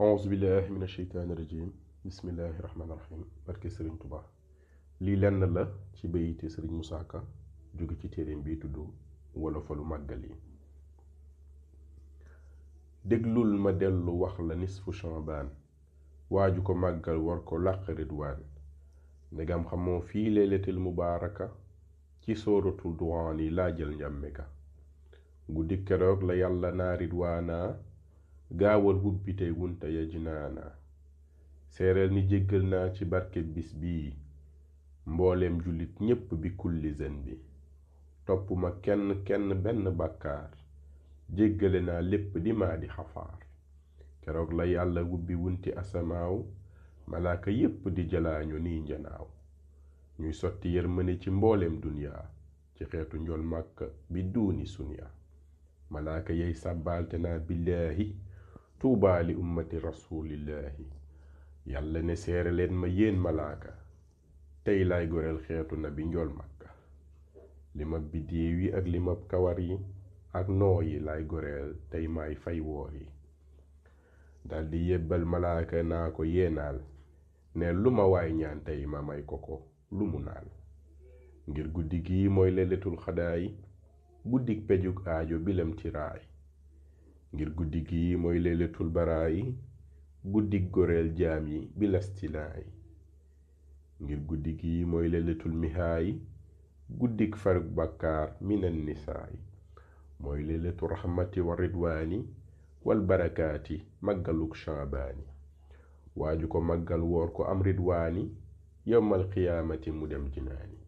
auzu billahi min asheytaani lenn la ci bayite sëriñ Musaa jóge ci téeréem bii tudd wolofalu màggal yi déglul ma dellu wax la nisfu Chaabaan waaju ko màggal war ko làq ridwaan ndegam xamoo fii leeletil mubaaraka ci sóoratu duwaan yi laajal njàmme ka guddi keroog la yàlla naa ridwaanaa gaawal hubbi tey wunta ya jinaana seereel ni jéggal naa ci barke bis bi mbooleem jullit ñépp bi kulli zen bi topp ma kenn kenn benn bàkkaar jéggale naa lépp di maa di xafaar keroog la yàlla hubbi wunti asamaaw malaaka yépp di jalaañu niy njanaaw ñuy sotti yërmande ci mbooleem duniyaa ci xeetu njool màkk bi duuni suniya malaaka yay sàbbaalte naa billaahi tuubaa ummati rasuulillaahi yàlla ne seere leen ma yeen malaaka tey lay goreel xeetu na bi njool makka li ma yi ak li kawar yi ak noo yi laay goreel tey may fay woor yi daldi yebal malaaka naa ko yeenaal ne lu ma waay ñaan tey ma may ko ko lu mu naal ngir guddi gii mooy leletul xadaay guddik pejug aajo bilam ci ngir guddi gi mooy laylatul baraay guddi goreel jaam yi bilastinaay ngir guddi gi mooy laylatul mihaay guddik farug bàkkaar minan nisaay mooy laylatu rahmati wa ridwaani wal barakaati màggaluk shaabaani waaju ko màggal woor ko am ridwaani yowmal qiyaamati mu dem jinaani